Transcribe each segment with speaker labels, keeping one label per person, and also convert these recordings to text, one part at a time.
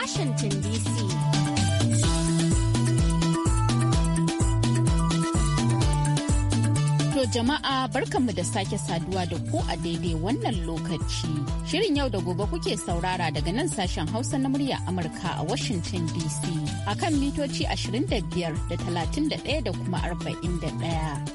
Speaker 1: Washington
Speaker 2: DC. To jama'a barkanmu da sake saduwa da ku a daidai wannan lokaci. Shirin yau da gobe kuke saurara daga nan sashen Hausa na murya Amurka a Washington DC. a kan mitoci 25 da 31 da kuma 41.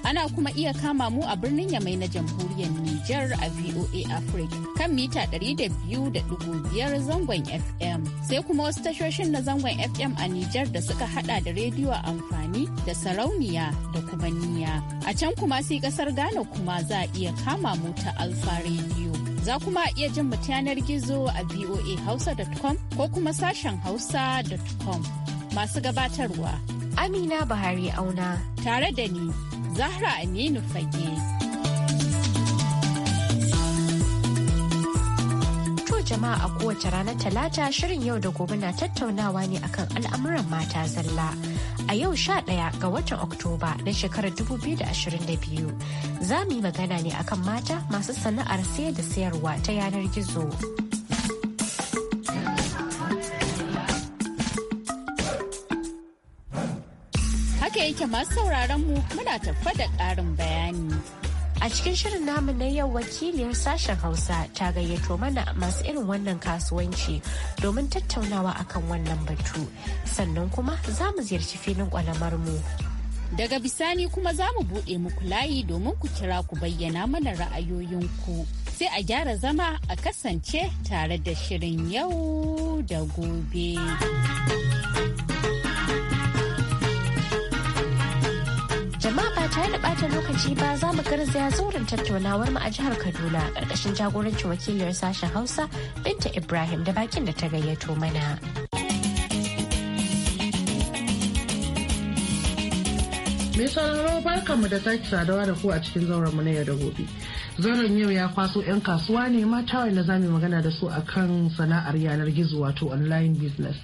Speaker 2: Ana kuma iya kama mu a birnin Yamai na jamhuriyar Nijar a VOA Africa kan mita 200.5 zangon FM. Sai kuma wasu tashoshin na zangon FM a Nijar da suka hada da rediyo amfani da sarauniya da kuma niya. A can kuma sai kasar Ghana kuma za a iya kama mu ta Alfa rediyo. za kuma a iya jin mu yanar gizo a voahausa.com ko kuma sashen hausa.com masu gabatarwa. Amina Buhari auna. Tare da ni, Zahra Aminu Fage.
Speaker 1: To jama'a a kowace ranar talata shirin yau da gobe na tattaunawa ne akan al'amuran mata zalla. A yau sha ɗaya ga watan Oktoba na shekarar 2022 za mu yi magana ne akan mata masu sana'ar sayar da sayarwa ta yanar gizo.
Speaker 2: yake masu sauraron mu muna tafa da ƙarin bayani. A cikin shirin namu na yau wakiliyar sashen
Speaker 1: Hausa ta gayyato mana masu irin wannan kasuwanci domin tattaunawa akan wannan batu. Sannan kuma za mu ziyarci filin kwalamar mu.
Speaker 2: Daga bisani kuma za mu buɗe muku layi domin ku kira ku bayyana mana ra'ayoyinku. Sai a gyara zama a kasance tare da shirin yau da gobe.
Speaker 1: tare bata lokaci ba za mu garzaya zauren tattaunawar mu a jihar Kaduna ƙarƙashin jagorancin wakiliyar sashen Hausa Binta Ibrahim da bakin da ta gayyato mana.
Speaker 3: Mai sauraro mu da sake sadawa da ku a cikin zauren mu na yau da gobe. zauren yau ya kwaso 'yan kasuwa ne mata wanda za mu magana da su akan sana'ar yanar gizo wato online business.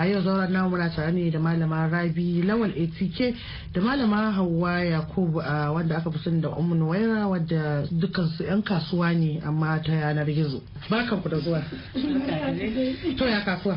Speaker 3: a yau zauren namu muna tare ne da malama rabi lawal atk da malama hawa yakubu wanda aka fi sani da ummu waira wadda dukkan su yan kasuwa ne amma ta yanar gizo barkan ku da zuwa to ya kasuwa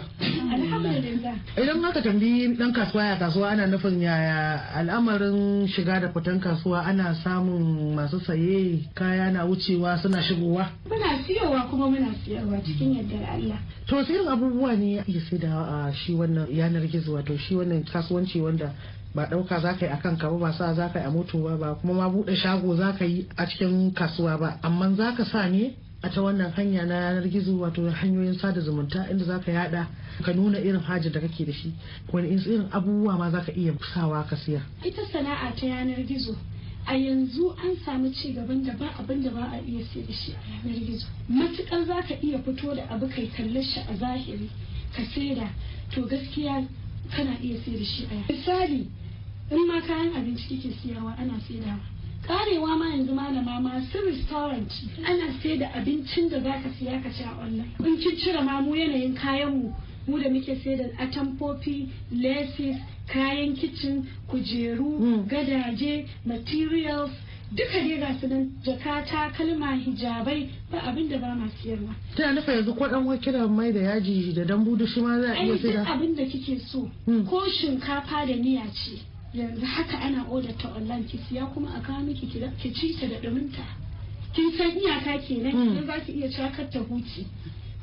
Speaker 3: Idan aka tambayi dan kasuwa ya kasuwa ana nufin yaya al'amarin shiga da fitan kasuwa ana samun masu saye kaya na wucewa suna shigowa.
Speaker 4: Muna siyowa kuma muna siyarwa cikin yardar Allah.
Speaker 3: To sai abubuwa ne ya sai da shi wannan yanar gizo wato shi wannan kasuwanci wanda ba ɗauka za ka yi a kan ba ba sa za ka yi a motowa ba kuma ma buɗe shago za ka yi a cikin kasuwa ba amma za ka sa ne a ta wannan hanya na yanar gizo wato hanyoyin sada zumunta inda zaka yada ka nuna irin hajar da kake da shi wani irin abubuwa ma zaka iya sawa ka siya
Speaker 4: ita sana'a ta yanar gizo a yanzu an samu ci gaban da ba abin da ba a iya sai da shi a yanar gizo matukar zaka iya fito da abu kai kalle shi a zahiri ka saida to gaskiya kana iya sai da shi a misali in ma kayan abinci kike siyawa ana saidawa karewa ma yanzu malama masu restaurant ana sai da abincin da za ka siya ka sha online in kin cire ma mu yanayin kayan mu mu da muke sai da atamfofi laces kayan kicin kujeru hmm. gadaje materials duka dai ga su nan jakata takalma hijabai ba abin da ba ma siyarwa
Speaker 3: tana nufa yanzu ko dan kira mai da yaji da dambu da shi ma za a iya sai da abin da kike so hmm. ko shinkafa da miya ce
Speaker 4: yanzu haka ana odata online ki siya kuma a kawo miki ki ci ta da ɗuminta kin san iyaka kenan ki za ki iya cakar ta huci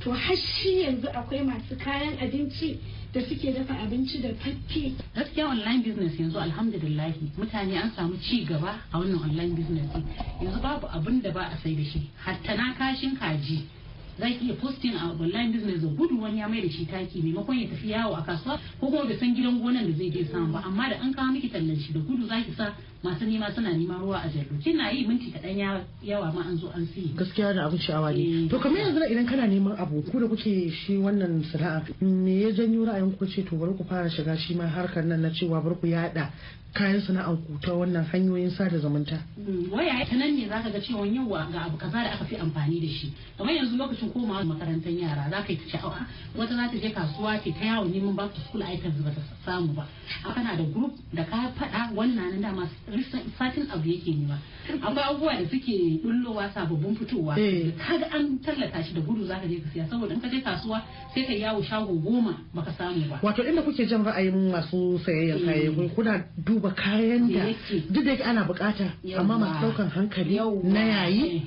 Speaker 4: to har shi yanzu akwai masu kayan abinci
Speaker 5: da suke dafa abinci da faffe. gaskiya online business yanzu alhamdulillah mutane an samu ci gaba a wannan online business yanzu babu abin da ba a sai da shi hatta na kashin kaji za ki iya posting a online business da gudu wani ya mai da shi taki maimakon ya tafi yawo a kasuwa ko kuma bai san gidan gonan da zai je samu ba amma da an kawo miki tallan shi da gudu za ki sa masu nema suna neman ruwa a jallo na yi minti kaɗan yawa ma an zo an siye
Speaker 3: gaskiya da abin sha'awa ne eh, to kamar yanzu idan kana neman abu ku da kuke shi wannan sana'a me ya janyo ra'ayin ku ce to bari ku fara shiga shi ma harkar nan na cewa bari ku yada kayan sana'ar ku ta wannan hanyoyin sada zumunta.
Speaker 5: Hmm, waya ta nan ne zaka ga cewa yau ga abu kaza da aka fi amfani da shi. Kamar yanzu lokacin komawa makarantar yara za ka yi sha'awa wata za ta je kasuwa ce ta yawo neman ba to school items ba ta samu ba. Kana da group da ka faɗa wannan nan masu satin abu yake nema akwai abubuwa da suke bullowa sababbin fitowa eh. kaga an tallata shi da gudu zaka je ka siya saboda in ka je kasuwa sai ka yawo shago goma baka samu
Speaker 3: ba wato inda kuke jan ra'ayin masu sayayyan eh. kayan kuna duba kayan da duk da ana bukata amma masu daukan hankali na yayi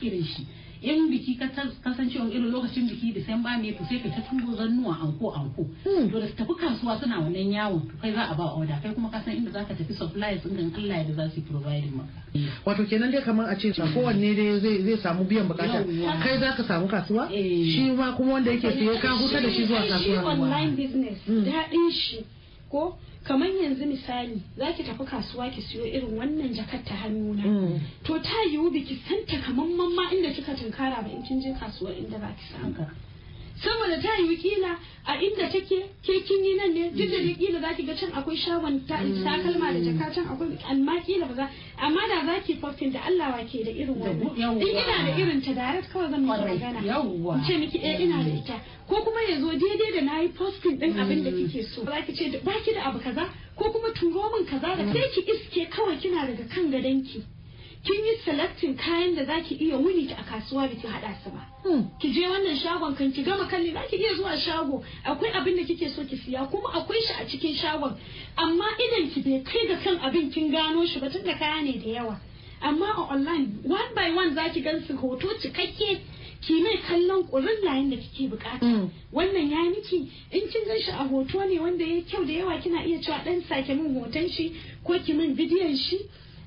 Speaker 5: shi in biki ka kasancewa irin lokacin biki disemba ne to sai ka ta turo zannuwa anko anko hmm. to da tafi kasuwa suna wannan yawon kai za a ba order kai kuma ka san inda zaka tafi supplies
Speaker 3: din Allah ya za su provide maka wato kenan dai kamar a ce kowanne dai zai zai samu biyan bukata kai zaka samu kasuwa eh. shi ma kuma wanda yake siye ka huta da shi zuwa kasuwa online
Speaker 4: business hmm. daɗin shi ko kamar yanzu misali za ki tafi kasuwa ki siyo irin wannan jakar ta hannuna mm. to ta yiwu biki santa kamar mamma inda kika tunkara ba in kin je kasuwar inda ba ki samu saboda ta yi kila a inda take ke kin yi nan ne duk da dai kila zaki ga can akwai shagon takalma da jaka can akwai amma kila ba za amma da zaki fofin da Allah wake da irin wannan ina da irin ta direct kawai zan yi magana in ce miki eh ina da ita ko kuma ya zo daidai da nayi posting din abin da mm. kike so ba ki ce baki da abu kaza ko kuma turo min kaza da mm. sai ki iske kawai kina daga kan gadanki kin yi selecting kayan da zaki iya wuni a kasuwa da ki hada su ba hmm. ki je wannan shagon kan ki gama kalli zaki iya zuwa shago akwai abin da kike so ki siya kuma akwai shi a cikin shagon amma idan ki bai kai ga kan abin kin gano shi ba da kaya ne da yawa amma a online one by one zaki gan su hoto cikakke ki mai kallon ƙurin layin da kike bukata hmm. wannan ya miki in kin gan shi a hoto ne wanda ya kyau da yawa kina iya cewa dan sake min hoton shi ko ki min bidiyon shi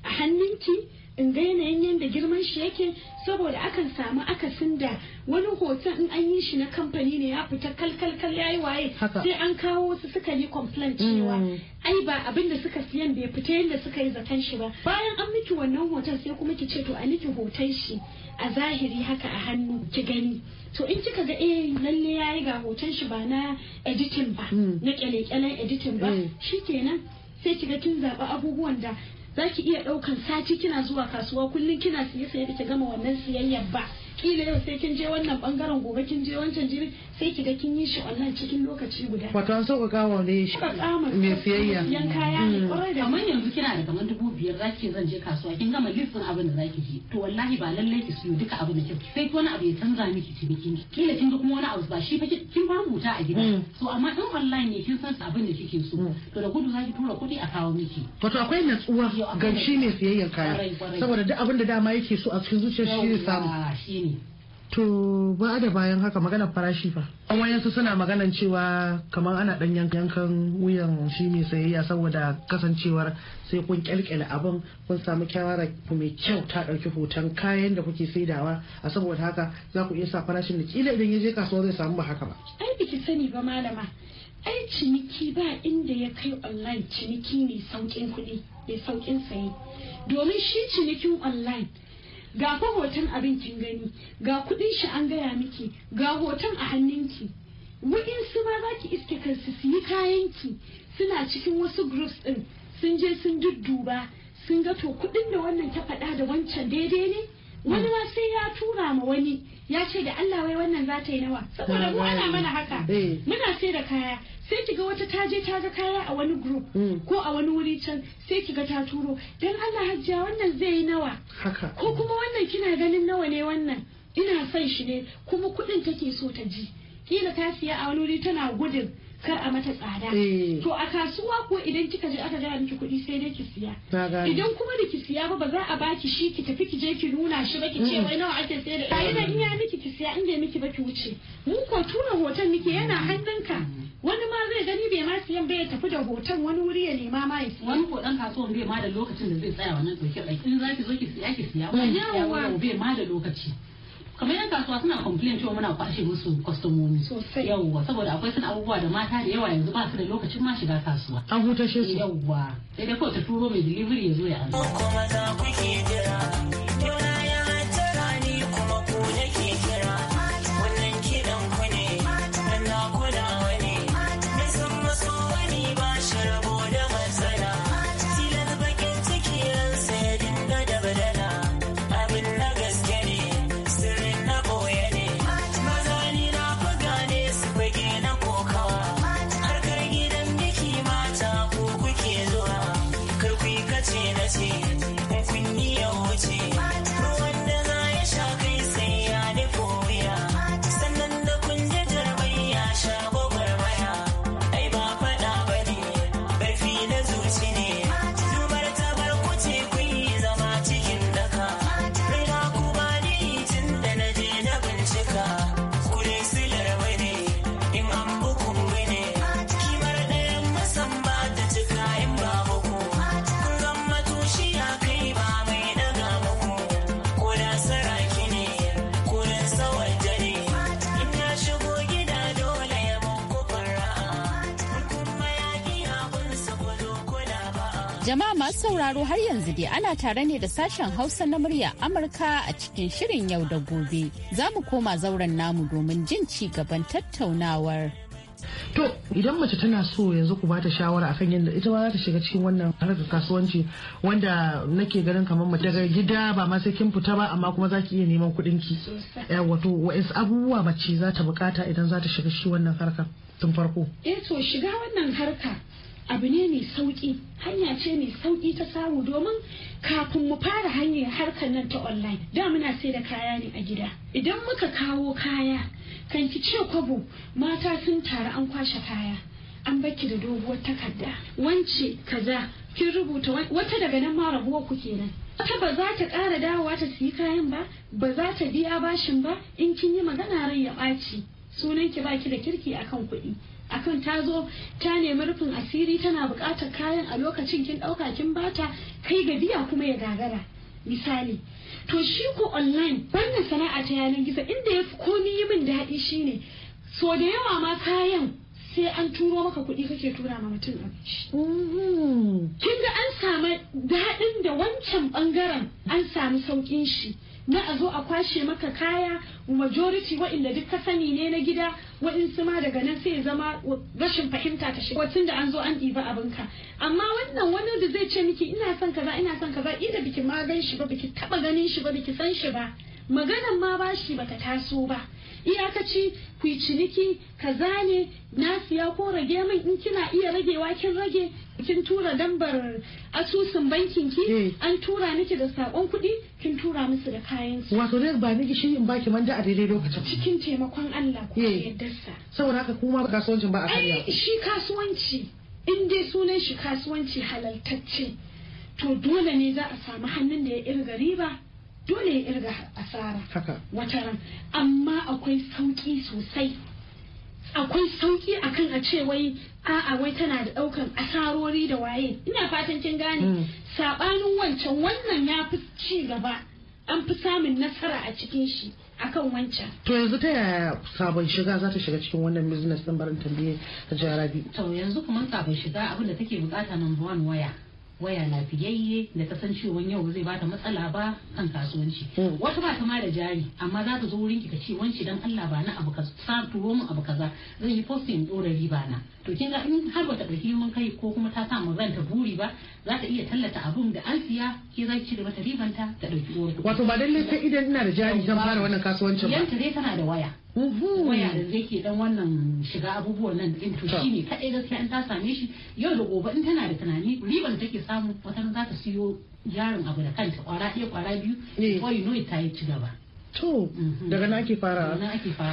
Speaker 4: a hannunki in ga yanayin yadda girman shi yake saboda akan samu akasin da wani hoton in an yi shi na kamfani ne ya fita kalkalkal ya yi waye sai an kawo su suka yi complaint cewa mm. ai ba abin suka siyan bai fita yadda suka yi zaton shi ba bayan an miki wannan hoton sai kuma ki ce to a miki hoton shi a zahiri haka a hannu ki gani to in kika ga eh lalle yayi ga hoton shi ba na editing ba mm. na kyale-kyalen editin ba mm. Shi kenan sai kiga kin zaɓi abubuwan da za ki iya ɗaukan sati kina zuwa kasuwa kullum kina siye siye da ki gama wannan siyayyar ba kila yau sai kin je wannan bangaren gobe kin je wancan jini sai ki ga kin yi shi wannan cikin lokaci
Speaker 3: guda wato an sauka wa ne shi me siyayya yan kaya ne kwarai mm. da kamar yanzu kina da
Speaker 5: kamar dubu biyar zaki zan je kasuwa kin gama listin abin da zaki je to wallahi ba lallai ki siyo duka abin da kin sai wani abu ya canza miki cinikin kila kin ga kuma wani abu ba shi fa kin ba huta a gida mm. so amma in online ne kin san abin da kike so mm. to da gudu zaki tura kuɗi a kawo miki wato akwai natsuwa ga shi
Speaker 3: ne siyayyan kaya saboda duk abin da dama yake so a cikin zuciyar shi samu To ba da bayan haka maganar farashi ba An wayansu suna maganan cewa kamar ana ɗan yankan wuyan shi mai sayayya saboda kasancewar sai kun kyalkyale abin kun samu kyawara mai kyau ta ɗauki hoton kayan da kuke saidawa a saboda haka za ku iya sa farashin da kila idan ya je kasuwa zai samu ba haka ba.
Speaker 4: Ai biki sani ba malama. Ai ciniki ba inda ya kai online ciniki mai saukin kuɗi mai saukin saye. Domin shi cinikin online ga fa hoton abincin gani ga kudin shi an gaya miki ga hoton a hannunki waɗansu ma za ki iske kansu su yi kayanki suna cikin wasu groups din sun je sun dudduba sun ga to kuɗin da wannan ta faɗa da wancan daidai ne wani ma sai ya tura ma wani ya ce da Allah wai wannan za ta yi nawa saboda mu ana mana haka eh. muna sai da kaya sai ki ga wata taje ta ga kaya a wani group hmm. ko a wani wuri can sai ki ga ta turo dan Allah hajjia wannan zai yi nawa ko kuma wannan kina ganin nawa ne wannan ina son shi ne kuma kuɗin take so ta ji kila ta siya a wani wuri tana gudun kar a mata tsada eh. to a kasuwa ko idan kika je aka gaya miki kuɗi sai dai ki siya idan kuma da ki siya ba ba za a baki shi ki tafi ki je ki nuna shi ba ki ce wai nawa ake sai da idan in ya miki ki siya inda miki ba ki wuce Mu ko tura hoton miki yana hannunka
Speaker 5: wani ma zai gani bai ma siyan bai tafi da hoton wani wuri ya nema ma ya siya wani ko dan kasuwan bai ma da lokacin da zai tsaya wannan doke in za ki zo ki siya ki siya wani bai ma da lokaci kamar yan kasuwa suna complain cewa muna kwashe musu kwastomomi sosai yawwa saboda akwai suna abubuwa da mata da yawa yanzu ba su da lokacin ma shiga kasuwa
Speaker 3: an huta su yawwa
Speaker 5: sai dai kawai ta turo mai delivery ya zo ya amsa
Speaker 2: masu sauraro har yanzu dai ana tare ne da sashen Hausa na murya Amurka a cikin shirin yau da gobe. Za mu koma zauren namu domin jin ci gaban tattaunawar. To
Speaker 3: idan mace tana so yanzu ku bata shawara akan yadda ita ba za ta shiga cikin wannan harkar kasuwanci wanda nake ganin kamar mace daga gida ba ma sai kin fita ba amma kuma za ki iya neman kuɗin ki. Wato wa'ansu abubuwa mace za ta bukata idan za ta shiga shi wannan harkar tun farko.
Speaker 4: Eh to shiga wannan harka abu ne mai sauƙi hanya ce mai sauƙi ta samu domin kafin mu fara hanyar harkar nan ta online da muna sai da kaya ne a gida idan muka kawo kaya kan ki ce kwabo mata sun taru an kwashe kaya an baki da doguwar takarda wance kaza kin rubuta wata daga nan ma rabuwa ku kenan wata ba za ta ƙara dawowa ta siyi kayan ba ba za ta biya bashin ba in kin yi magana rai ya ɓaci sunan ki baki da kirki akan kuɗi akan ta zo ta nemi rufin asiri tana bukatar kayan a lokacin kin ɗauka kin bata kai ga biya kuma ya gagara misali to shi ko online banda sana'a ta yanar gizo inda ya fi komi yi min daɗi shine so da yawa ma kayan sai an turo maka kuɗi kake tura ma mutum abinci. Mm-hmm. kin ga an samu daɗin da wancan ɓangaren an samu sauƙin shi na a zo a kwashe maka kaya majority wa'inda duk ka sani ne na gida wa'insu ma daga nan sai zama rashin fahimta ta shiga tun da an zo an ɗiba abinka amma wannan wani da zai ce miki ina son kaza ina son kaza inda biki ma gan shi ba biki taba ganin shi ba biki san shi ba maganan ma ba shi bata taso ba iyakaci ku yi ciniki kaza ne na siya ko rage min in kina iya ragewa kin rage kin tura dambar asusun bankin
Speaker 3: ki eh. an tura
Speaker 4: miki da sakon kuɗi kin tura musu da kayan su wato ne
Speaker 3: ba ni shi in baki manja a daidai lokacin cikin
Speaker 4: taimakon Allah ko eh. yaddarsa
Speaker 3: saboda haka kuma kasuwancin ba a karya
Speaker 4: shi kasuwanci in dai sunan shi kasuwanci halaltacce to dole ne za a samu hannun da ya irga riba dole ya irga asara wata ran amma akwai sauki sosai akwai sauki akan a ce wai a'a wai tana da daukan asarori da waye ina fatan kin gane hmm. sabanin wancan wannan ya fi ci gaba an fi samun nasara a cikin shi akan wancan
Speaker 3: to yanzu ta yaya sabon shiga za ta shiga cikin wannan business din barin tambaye
Speaker 5: ta jarabi to yanzu kuma sabon shiga abin da take bukata number one waya waya na lafiyayye da kasancewan yau zai bata matsala ba kan kasuwanci hmm. wata ba ta ma da jari amma za ta zo wurin ki ta ce wanci dan Allah ba na abu kaza sa turo mu abu kaza zan yi posting dora riba na to kin ga in har bata ɗauki mun kai ko kuma ta sa mun ranta buri ba za ta iya tallata abun da alfiya ke za ci da mata ribanta ta ɗauki
Speaker 3: uwar wato ba dalilin sai idan ina da jari zan fara wannan
Speaker 5: kasuwancin ba yanta dai tana da waya waya da zai ke dan wannan shiga abubuwan nan din to shine kadai gaskiya an ta same shi yau da gobe in tana da tunani riban take samu wata za ta siyo jarin abu da kanta kwara ɗaya kwara biyu kawai eh. noyi ta yi ci gaba
Speaker 3: to mhm. daga na ake fara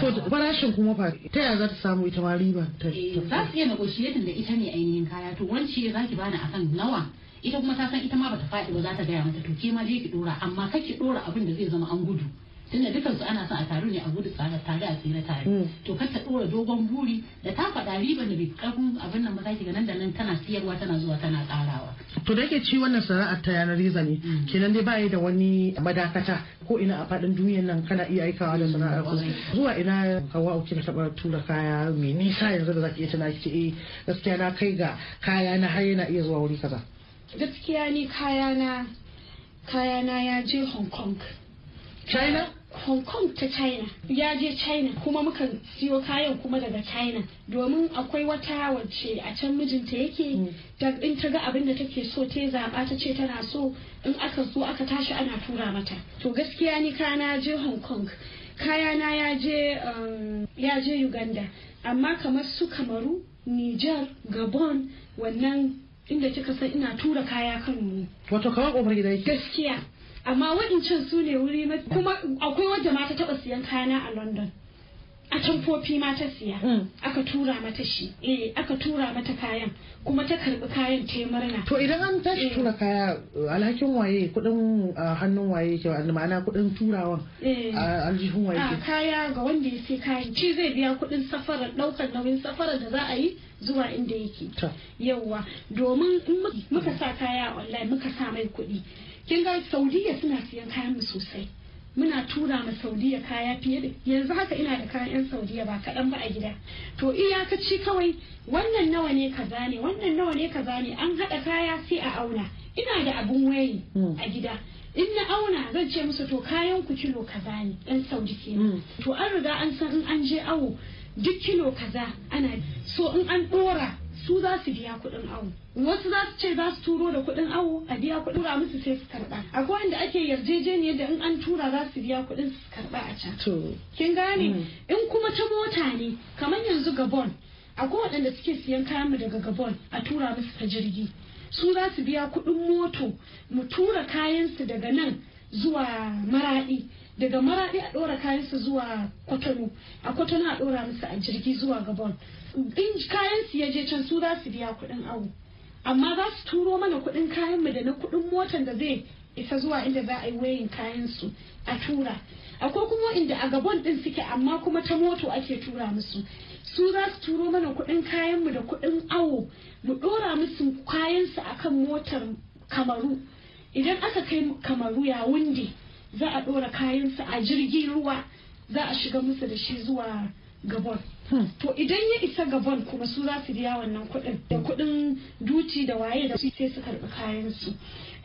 Speaker 3: to farashin kuma fa ta yaya za ta samu ita ma riba ta
Speaker 5: eh, za su iya negotiating da ita ne ainihin kaya to wance za ki bani akan nawa ita kuma ta san ita ma bata faɗi ba za ta gaya mata to ke ma je ki ɗora amma kar ki dora abin da zai zama an gudu tunda dukan su ana son a taru ne a gudu tsara tare a tsira tare mm. to kar ta dora dogon buri da ta faɗa riban da bai karfin abin nan ba za ki ga nan da nan tana siyarwa tana zuwa tana karawa
Speaker 3: to da yake ci wannan sana'ar ta yanar gizo ne mm. kenan dai ba da wani madakata ko ina a faɗin duniyar nan kana iya aikawa da sana'ar ku zuwa ina hawa uki na taɓa tura kaya mai nisa yanzu da zaki iya tana ki eh gaskiya na kai ga kaya na har yana iya zuwa wuri kaza
Speaker 4: gaskiya ni kaya na kaya na ya je Hong Kong China Hong Kong ta China ya je China kuma muka siyo kayan kuma daga China domin akwai wata wacce a can mijinta yake mm. da in ta ga abin da take so ta zaba ta ce tana so in aka so aka tashi ana tura mata to gaskiya ni ka na je Hong Kong kayana ya je um, ya je Uganda amma kamar su Kamaru Niger Gabon wannan inda kika san ina tura kaya kan mu wato kamar kofar gida gaskiya amma waɗancan su ne wuri kuma akwai wadda ma ta taɓa siyan kayana a london a tamfofi ma ta siya mm. aka tura mata shi eh, aka tura mata kayan kuma ta karbi kayan ta murna to
Speaker 3: idan an tashi eh. tura kaya alhakin waye kudin hannun waye ke ma'ana kudin turawan
Speaker 4: eh. aljihun waye ke kaya ga wanda ya sai kayan ci zai biya kudin safara ɗaukar nauyin safara da za a yi zuwa inda yake yawwa domin muka sa kaya online muka sa mai kuɗi kin ga saudiya suna siyan kayan mu sosai muna tura ma saudiya kaya fiye da yanzu haka ina da kayan saudiya ba kaɗan ba a gida to iya iyakaci kawai wannan nawa ne kaza ne wannan nawa ne kaza ne an haɗa kaya sai a auna ina da abun wayi hmm. a gida in na auna zan ce musu to kayan ku kilo kaza ne ɗan saudi ke hmm. to an riga an san in an je awo duk kilo kaza ana so in an ɗora su za su biya kuɗin awo wasu za su ce za su turo da kuɗin awo a biya kuɗin tura musu sai su karɓa akwai wanda ake yarjejeniyar da in an tura za su biya kuɗin su karɓa a can kin gane mm. in kuma ta mota ne kamar yanzu gabon akwai waɗanda suke siyan kayan mu daga gabon a tura musu ta jirgi su za su biya kuɗin moto mu tura kayansu daga nan zuwa maraɗi daga maraɗi a dora kayan su zuwa kwatano a kwatano a ɗora musu a jirgi zuwa gabon in kayan su ya je can su za su biya kuɗin awo amma za su turo mana kuɗin kayan mu da na kuɗin motan da zai isa zuwa inda za a yi wayin kayan su a tura akwai kuma inda a gabon din suke amma kuma ta moto ake tura musu su za su turo mana kuɗin kayan mu da kuɗin awo mu ɗora musu kayan su akan motar kamaru idan aka kai kamaru ya wunde za a ɗora kayansa a jirgin ruwa za a shiga musu da shi zuwa gabon hmm. to idan ya isa gabon kuma su za su biya wannan kuɗin da kuɗin duti da waye da sai su karɓi kayansu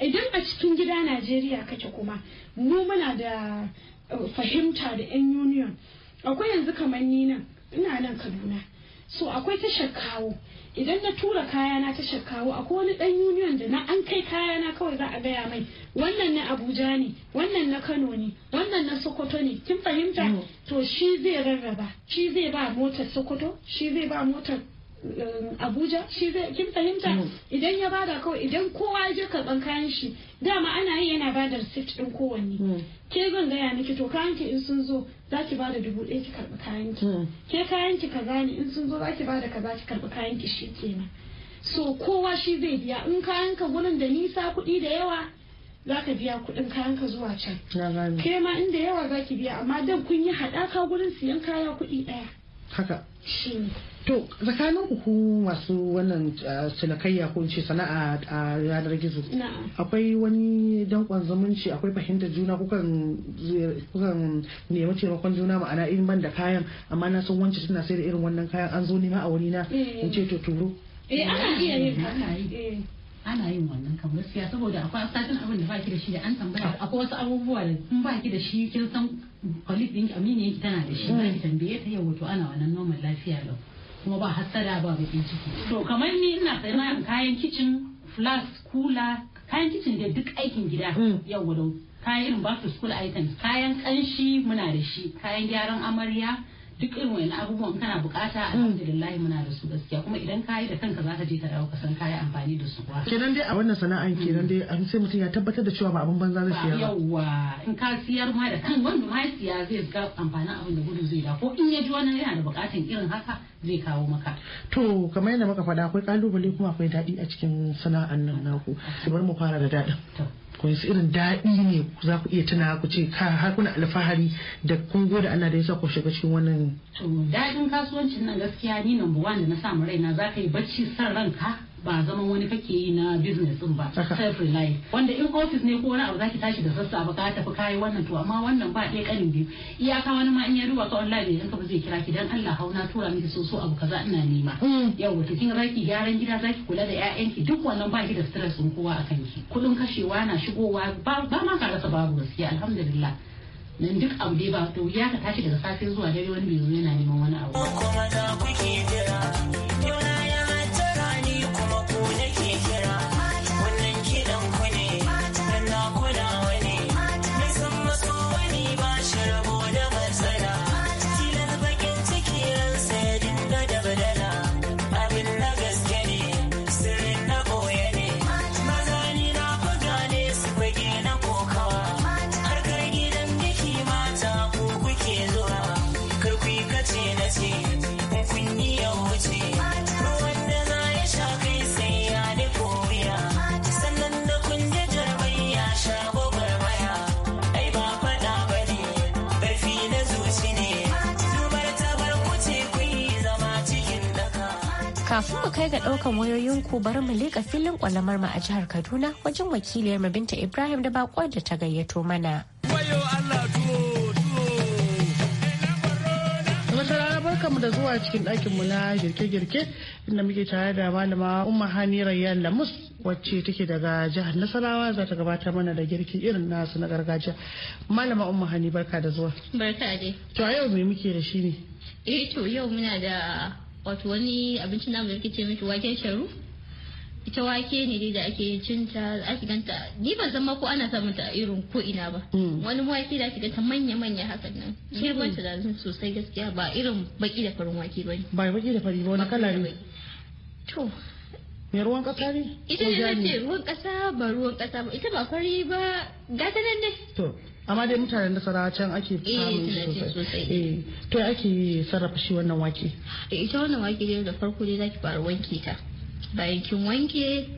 Speaker 4: idan a cikin gida najeriya kake kuma mu muna da uh, fahimta da yan union akwai yanzu kamar ni nan ina nan kaduna so akwai tashar kawo idan na tura kayana ta kawo akwai wani dan union da na an kai kayana kawai za a gaya mai wannan na abuja ne wannan na kano ne wannan na sokoto ne kin fahimta mm. to shi zai rarraba shi zai ba motar sokoto shi zai ba motar Um, Abuja shi zai kin fahimta mm. idan ya bada kawai idan kowa ya je karban kayan shi dama ana yi yana bada receipt din kowanne mm. ke zan gaya miki to kayan ki in sun zo za ki bada dubu ɗaya ki karbi kayan ki mm. ke kayan ki kaza ne in sun zo za ki bada kaza ki karbi kayan ki shi kenan so kowa shi zai biya in kayan ka gurin da nisa kuɗi da yawa za ka biya kuɗin kayan ka zuwa can ke ma inda yawa za ki biya amma dan kun yi haɗaka gurin siyan kaya kuɗi ɗaya
Speaker 3: haka to tsakanin ku masu wannan eh, cinikayya ko ce sana'a a yanar gizo akwai wani dankon zumunci akwai fahimtar juna kukan nemi taimakon juna ma'ana irin ban da kayan amma na san wancan suna sai da irin wannan kayan an zo nema a wani na eh. in ce to turo
Speaker 5: eh ana iya yin eh.
Speaker 3: ana yin wannan kan gaskiya saboda akwai
Speaker 5: asasin abin da baki da shi da an tambaya akwai wasu abubuwa da kun baki da shi kin san colleague aminu yake tana da shi zaki tambaye ta yau wato ana wannan noman lafiya lau kuma ba hassada ba bakin ciki to kamar ni ina sayan kayan kicin flask kula kayan kicin da duk aikin gida hmm. yau wadau kayan irin back to school items kayan kanshi muna da shi kayan gyaran amarya duk irin wani abubuwan kana bukata mm. alhamdulillah muna da su gaskiya kuma idan kayi da kanka ka je ka dawo ka san kayi amfani da su kuwa kenan
Speaker 3: dai a wannan sana'an mm. kenan dai an sai mutum ya tabbatar da cewa ba abin banza zai ba. yawa
Speaker 5: in ka siyar ma da kan wanda ma ya siya zai ga amfanin abin da gudu zai da ko in ya ji wani yana da bukatan irin haka zai kawo maka.
Speaker 3: To kamar yadda muka faɗa akwai ƙalubale kuma akwai daɗi a cikin sana'an nan naku. Bari mu fara da daɗin. Ku yi irin daɗi ne za ku iya tuna ku ce ka har kuna alfahari da kun gode Allah da ya sa ku shiga cikin wannan.
Speaker 5: Daɗin kasuwancin nan gaskiya ni number one da na samu raina za ka yi bacci san ranka. ba zama wani kake yi na business din ba self reliant wanda in office ne ko wani abu zaki tashi da sassa ba ka tafi kayi wannan to amma wannan ba ɗaya kanin biyu iyaka wani ma in ya duba ka online ne ka ba zai kira ki dan Allah hauna tura miki so so abu kaza ina nema hmm. yau to kin zaki gyaran gida zaki kula da ƴaƴanki duk wannan ba ki da stress din kowa akan ki kudin kashewa na shigowa ba ma ka rasa babu gaskiya alhamdulillah nan duk abu dai ba to ya ka tashi daga safe zuwa dare wani bai zo yana neman wani abu
Speaker 1: baya ga ɗaukan wayoyinku bari mu leƙa filin kwalamar mu a jihar Kaduna wajen wakiliyar mu Binta Ibrahim da bako da ta gayyato mana.
Speaker 3: mu da zuwa cikin ɗakin mu na girke-girke inda muke tare da malama umma hani rayyan lamus wacce take daga jihar nasarawa za ta gabatar mana da girki irin nasu na gargajiya malama umma hani barka da zuwa barka dai to a yau me muke da shi ne
Speaker 6: eh to yau muna da wato wani abincin namu da ce mishi waken sharu ita wake ne dai da ake cin ta ake ganta ni ban san ma ko ana samun ta irin ko ina ba mm. wani wake mm. da ake ganta manya manya hakan nan girman ta da sosai gaskiya ba irin baki da farin wake bane ba baki da fari ba wani kala ne to me ruwan kasa ne ita ne ce ruwan kasa ba ruwan kasa ba ita ba fari ba gata nan ne
Speaker 3: to amma dai mutanen da sarawa can ake eh, samun sosai to eh, ake sarrafa shi wannan wake
Speaker 6: eh, ita wannan wake dai da farko dai zaki fara wanke ta bayan kin wanke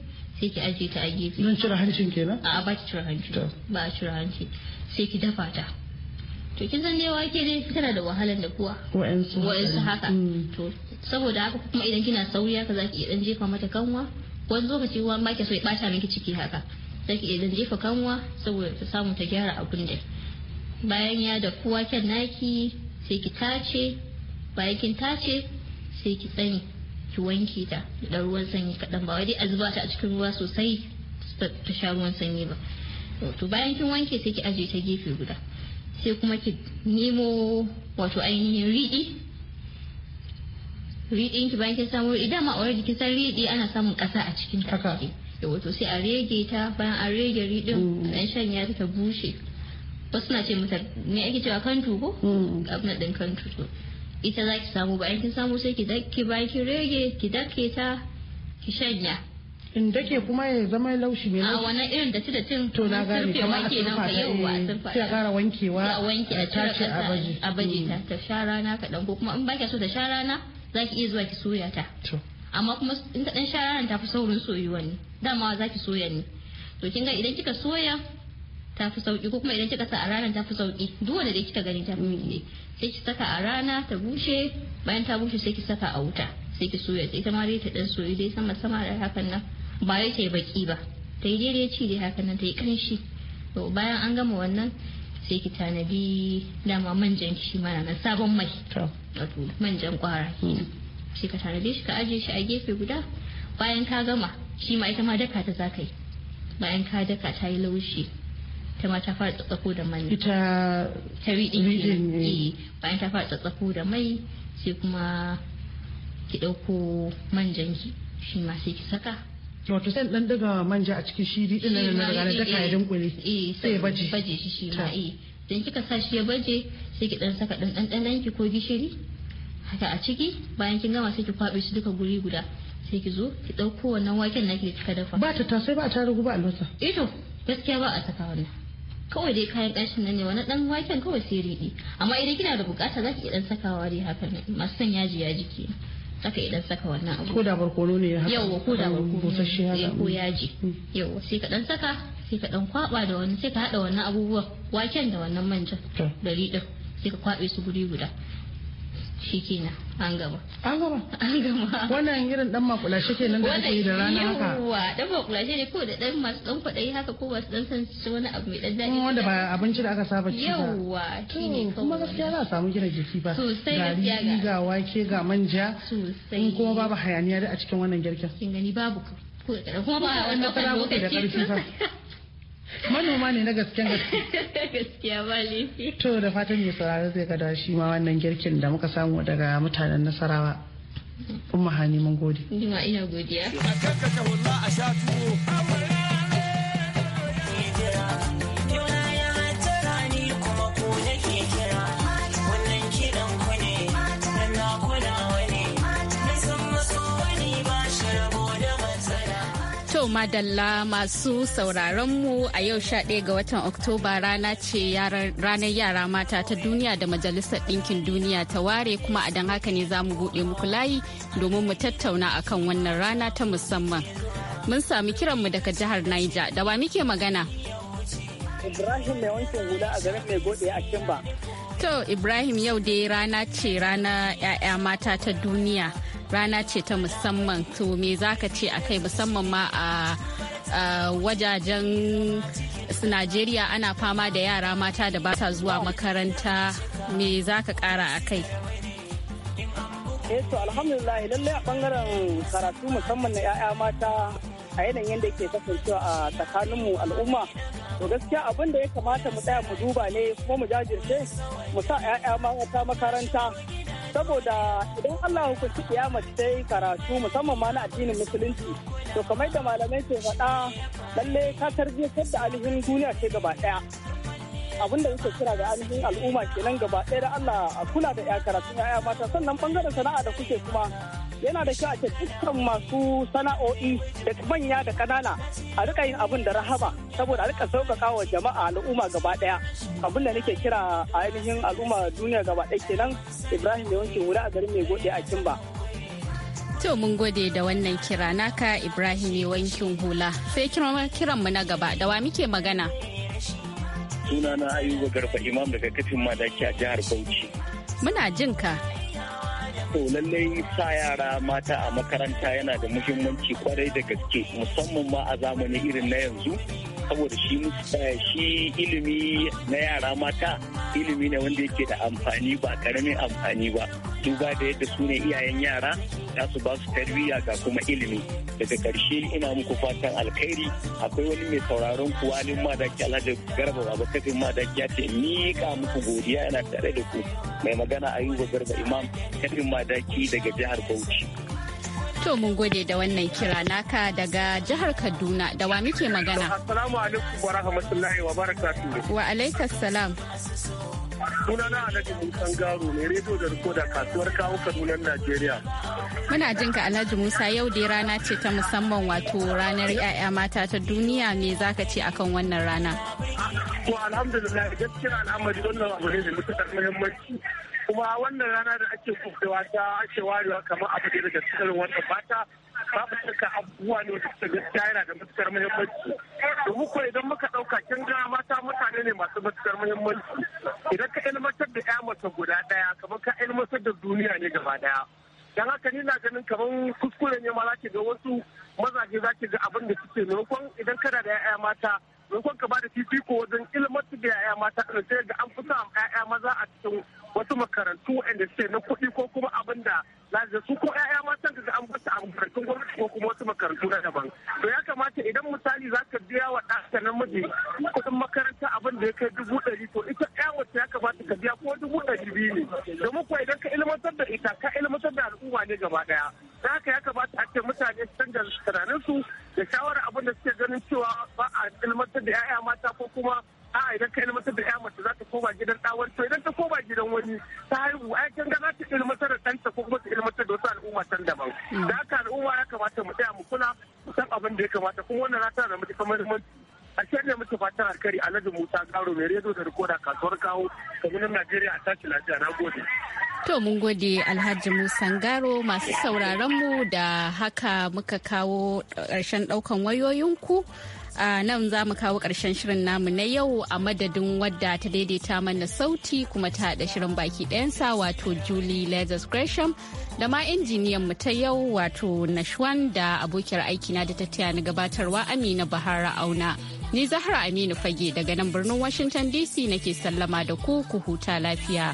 Speaker 6: sai ki ajiye ta a gefe don cire hancin kenan a ba ki cire hanci ba a cire hanci sai ki dafa ta to kin san dai wake dai tana da wahalan da kuwa wa'ansu haka mm. to saboda haka kuma idan kina sauri haka zaki iya dan jefa mata kanwa wani lokaci ruwan ba ki so ya bata miki ciki haka zaki iya dan jefa kanwa saboda ta samu ta gyara abun da bayan ya da kuwa kyan naki sai ki tace bayan kin tace sai ki tsani ki wanke ta da ruwan sanyi kadan ba wai a zuba ta a cikin ruwa sosai ta sha ruwan sanyi ba to bayan kin wanke sai ki ajiye ta gefe guda sai kuma ki nemo wato ainihin riɗi riɗin ki bayan kin samu riɗi ma a jikin san riɗi ana samun ƙasa a cikin ta wato sai a rege ta bayan mm. a rege ridin a dan shanya ta ta bushe wasu na ce mata ne ake cewa kantu ko mm. abin din kantu to ita za ki samu bayan kin samu sai ki dakke bayan ki rege ki dakke ta ki shanya
Speaker 3: in dake kuma ya zama laushi ne a wani irin da da tin
Speaker 6: to na gane kuma a surfa ta yauwa a surfa eh, ta kara
Speaker 3: wankewa a wanke a tace a baje
Speaker 6: a baje ta mm. ta sha rana kaɗan ko kuma in baki so ta sha rana zaki iya zuwa ki soya ta amma kuma in ta dan shararan ta fi saurin soyuwa ne dama za ki soya ne to kin ga idan kika soya ta fi sauki ko kuma idan kika sa a ranar ta fi sauki duk wanda dai kika gani ta fi ne sai ki saka a rana ta bushe bayan ta bushe sai ki saka a wuta sai ki soya ita ma dai ta dan soyu dai sama sama da hakan nan ba ya ta yi baki ba ta yi daidai ci dai hakan nan ta yi kanshi to bayan an gama wannan sai ki tanadi dama manjan shi mana na sabon mai wato manjan kwara kenan sai ka tanade shi ka ajiye shi a gefe guda bayan ka gama shi ma ita ma daka ta zaka yi bayan ka daka ta yi laushi ta ma ta fara tsatsako da mai ita ta riɗin eh, bayan ta fara tsatsako da mai sai kuma ki ɗauko manjan ki shi ma sai ki saka wato sai dan daga manja a cikin shi riɗin nan na daga daka ya eh. dunkule eh, sai ya baje baje shi shi ma eh dan kika sa shi ya baje sai ki dan saka dan dan ki ko gishiri haka a ciki bayan kin gama sai ki kwabe su duka guri guda sai ki zo ki dauko wannan waken naki da kika dafa ba ta tasai ba ta rugu ba albasa eh to gaskiya ba a saka wannan kawai dai kayan kashin nan ne wani dan waken kawai sai riɗi amma idan kina da bukata zaki iya dan sakawa dai haka ne masu son yaji ya ke saka idan saka wannan abu ko da
Speaker 3: barkono ne haka yawa ko da barkono
Speaker 6: ne eh, ko yaji hmm. yawa sai ka dan saka sai ka dan kwaba da wani sai ka hada wannan abubuwan waken da wannan manjan da riɗin sai ka kwabe su guri guda shi kenan an gama. An gama? An gama. Wannan irin dan makulashe kenan da ake da rana haka. Yawwa dan makulashe ne ko da dan masu dan kwadayi haka ko masu dan san su wani abu mai dan daɗi. Mm, wanda ba
Speaker 3: abinci da aka saba ci ba. Yawwa
Speaker 6: shi ne Kuma gaskiya za a
Speaker 3: samu gina jiki ba. Sosai gaskiya ga. Ga wake ga manja. Sosai. In kuma babu hayaniya da a cikin wannan girkin. Kin gani babu.
Speaker 6: Kuma ba wannan lokaci.
Speaker 3: manoma ne na gasken gaske gaskiya ba laifi to da fatan mai sauraro zai gada shi ma wannan girkin da muka samu daga mutanen nasarawa umma hani mun gode
Speaker 6: ina iya godiya a sha tuwo
Speaker 2: Madalla masu sauraron mu a yau 11 ga watan Oktoba rana ce ranar yara mata ta duniya da Majalisar Ɗinkin Duniya ta ware kuma a don haka ne za mu buɗe muku layi domin mu tattauna akan wannan rana ta musamman. Mun sami kiranmu daga jihar Niger da ba muke magana.
Speaker 7: Ibrahim mai wankin guda a garin mai gode a Kimba.
Speaker 2: To Ibrahim yau dai rana ce rana 'ya'ya mata ta duniya. rana ce ta musamman to me za ka ce a kai musamman ma a wajajen su najeriya ana fama da yara mata da ba sa zuwa makaranta me za ka kara a kai
Speaker 7: eh, to alhamdulillah lallai a bangaren karatu musamman na 'ya'ya mata a yanayin da ke kasancewa a tsakanin mu al'umma to gaskiya abin da ya kamata mu tsaya mu duba ne kuma mu jajirce mu sa 'ya'ya mata makaranta saboda idan Allah hukunci kiyama ta yi karatu musamman ma na addinin musulunci to kamar da malamai ke faɗa lalle ka tarbiyyar da alihin duniya ce gaba ɗaya abin da yake kira ga alihin al'umma kenan gaba ɗaya da Allah a kula da 'ya karatu 'ya'ya mata sannan bangaren sana'a da kuke kuma yana da kyau a ce dukkan masu sana'o'i da manya da kanana a rika yin abin da rahama. saboda a rika sauƙaƙa wa jama'a al'umma gaba ɗaya abin da nake kira a ainihin al'umma duniya gaba ɗaya kenan ibrahim yawancin wuri a garin mai gode a kimba
Speaker 2: To mun gode da wannan kira naka Ibrahim wankin hula sai kiran mu na gaba da wa muke magana.
Speaker 7: Sunana Ayuba Garba Imam daga kafin madaki a jihar Bauchi.
Speaker 2: Muna jin ka.
Speaker 7: To lallai sa yara mata a makaranta yana da muhimmanci kwarai da gaske musamman ma a zamani irin na yanzu saboda shi eh, shi ilimi na yara mata ilimi ne wanda yake da amfani ba karamin amfani ba duba da yadda su ne iyayen yara za su ba su tarbiyya ga kuma ilimi daga karshe ina muku fatan alkhairi akwai wani mai sauraron kuwa kuwalin madaki alhaji garba baba kafin madaki ya ce ka muku godiya yana tare da ku mai magana ayuba garba imam kafin madaki daga jihar bauchi
Speaker 2: To mun gode da wannan kira naka daga jihar Kaduna da wa muke magana.
Speaker 7: Assalamu alaikum wa rahmatullahi wa barakatuhu. Wa alaikas salam. Sunana Alhaji musa Garo mai rediyo da da kasuwar kawo kaduna Najeriya.
Speaker 2: Muna jin ka Alhaji Musa yau dai rana ce ta musamman wato ranar 'ya'ya mata ta duniya me zaka ce akan wannan
Speaker 7: rana? To alhamdulillah gaskiya al'amari wannan abu ne da mutukar muhimmanci kuma wannan rana da ake kusurwa ta ake warewa kamar abu da daga cikin wannan mata babu shakka abubuwa ne wanda suka gaskiya yana da matukar muhimmanci domin ko idan muka dauka kin ga mata mutane ne masu matukar muhimmanci idan ka ilmantar da ya mace guda daya kamar ka ilmantar da duniya ne gaba daya dan haka ni na ganin kamar kuskure ne ma za ki ga wasu mazaje za ki ga abin da suke maimakon idan kana da 'ya'ya mata maimakon ka ba da fifiko wajen ilmantar da 'ya'ya mata sai ga an fi sa 'ya'ya maza a cikin wasu makarantu waɗanda suke na kuɗi ko kuma abin da lazi su ko 'ya'ya ma san ga an bata a makarantun gwamnati ko kuma wasu makarantu na daban to ya kamata idan misali za ka biya wa na miji kuɗin makaranta abin da ya kai dubu ɗari to ita ƴa wacce ya kamata ka biya ko dubu ɗari biyu ne da muku idan ka ilmantar da ita ka ilmantar da al'umma ne gaba ɗaya da haka ya kamata a ce mutane su canza su da shawarar abin da suke ganin cewa ba a ilmantar da 'ya'ya mata ko kuma a idan ka ilmantar da 'ya mace za ta koma gidan gidan wani ta haihu ai kin ga za ta ilmantar da kanta ko kuma ta ilmantar da wasu al'umma can daban mm. da haka al'umma ya kamata mu tsaya mu kula mu san abin da ya kamata kuma wannan rata da kamar mutu a ciyar da muke fatan alkari alhaji musa karo mai rediyo da rikoda kasuwar kawo kamunan najeriya a tashi lafiya na gode
Speaker 2: To mun gode Alhaji Musan Garo masu sauraron mu da haka muka kawo ƙarshen ɗaukan wayoyinku. a nan za mu kawo ƙarshen shirin namu na yau a madadin wadda ta daidaita mana sauti kuma ta haɗa shirin baki ɗayansa wato Julie Lazarus Gresham da ma injiniyan mu ta yau wato Nashwan da abokiyar aikina da ta taya ni gabatarwa Amina Bahara Auna. Ni Zahra Aminu Fage daga nan birnin Washington DC nake sallama da ku ku huta lafiya.